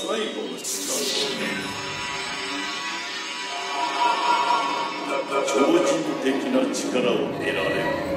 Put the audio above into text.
最後の力を超人的な力を得られる